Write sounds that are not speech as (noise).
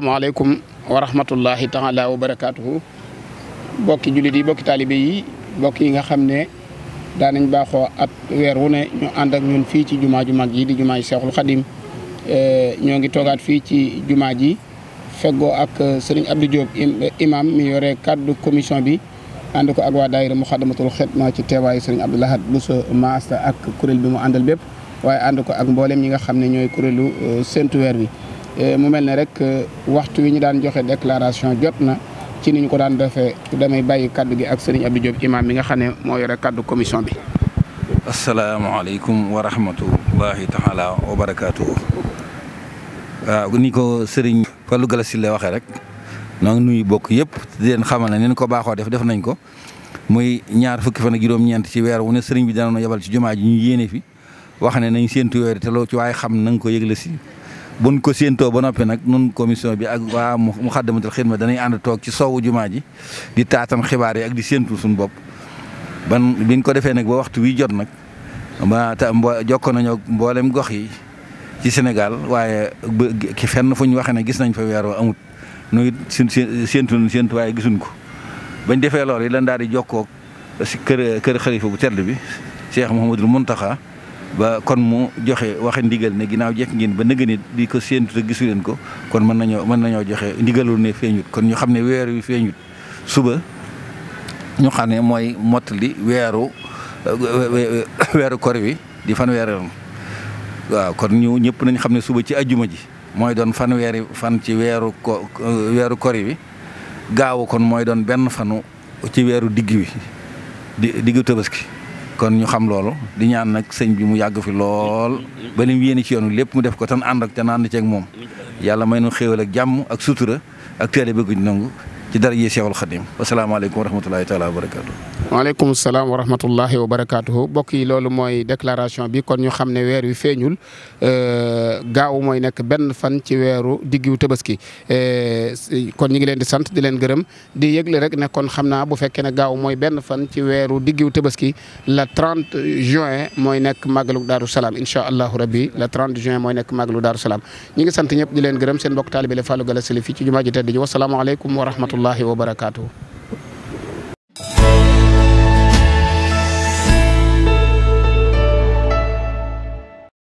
asalaamaaleykum wa rahmatullahi taala wa barakaatuhu bokki jullit yi bokki taalibe yi bokk yi nga xam ne daanañ baaxoo at weer wu ne ñu ànd ak ñun fii ci jumaa ju mag yi di jumaa yi Seexul Xadim eh, ñoo ngi toogaat fii ci jumaa ji feggoo ak eh, sëriñ Abdou Diop imam mi yore kaddu commission bi ànd ko ak waa daayira Muxaddamatul ma ci teewaayu sëriñ Abdou Lahad Bousso ak kuréel bi mu àndal bépp waaye ànd ko ak mboolem ñi nga xam ne ñooy kuréelu eh, séntu weer wi Euh, mu mel ne rek euh, waxtu wi ñu daan joxe déclaration jot na ci ni ñu ko daan defee damay bàyyi kaddu gi ak Serigne Abdou Diop imam mi nga xam ne moo yore kaddu commission bi. asalaamaaleykum wa rahmatullahi taala wa barakaatu. waaw ni ko Serigne Fallou Galassi la waxee rek noo ngi nuyu bokk yëpp di leen xamal ne ni ko baaxoo def def nañ ko. muy ñaar fukki fan ak juróom-ñeent ci weer wu ne sëriñ bi dana yebal ci jumaa ji ñu yéene fi wax ne nañ séentu weer te loo ci waaye xam na nga ko yëgle si buñ ko séentoo ba noppi nag nun commission bi ak waa mu ma xaddamatul xidma danañ ànd toog ci soowu jumaa ji di taatan xibaar yi ak di séentu suñu bopp ban biñ ko defee nag ba waxtu wi jot nag ba ta jokkoon nañu mboolem gox yi ci Sénégal waaye ki fenn fu ñu waxee ne gis nañ fa weer wa amut nuy séentu nañ séentu waaye gisuñ ko bañ defee loolu yi lan daal di jokkoo si kër kër xalifa bu tedd bi Cheikh mun Mountakha ba kon mu joxe waxe ndigal ne ginnaaw jekk ngeen ba nëgë ni di ko séentu te gisu leen ko kon mën nañoo mën nañoo joxe ndigalul ne feeñut kon ñu xam ne weeru wi feeñut suba ñu xam ne mooy mottali weeru (coughs) weeru kor wi di fanweeram waaw kon ñu ñëpp nañ xam ne suba ci ajjuma ji mooy doon fan fanweeri fan ci weeru ko weeru kor wi gaawu kon mooy doon benn fanu ci weeru digg wi di diggu tabaski kon ñu xam loolu di ñaan nag sëñ bi mu yàgg fi lool ba li mu ci yoon wi lépp mu def ko tan ànd ak te ceeg moom yàlla may nu xéewal ak jàmm ak sutura ak teel a bëgguñ nangu ci dara yi Seexul Xadim asalaamaaleykum wa rahmatulahi taala wa barakaatu. waaleykum salaam wa rahmatullahi barakaatu mbokk yi loolu mooy déclaration bi kon ñu xam ne weer wi feeñul euh, gaaw mooy nekk benn fan ci weeru diggu Tabaski euh, kon ñu ngi leen di sant di gërëm di yëgle rek ne kon xam naa bu fekkee ne gaaw mooy benn fan ci weeru la 30 juin mooy nekk màggalu Daaru Salaam allahu rabbi la 30 juin mooy nekk màggalu Daaru Salaam sant ñëpp di leen gërëm seen mbokk taalibe la Fallou Galass Syll fii ci jumaa ji tedd ji wasalaamaaleykum rahmatullahi wa barakaatu.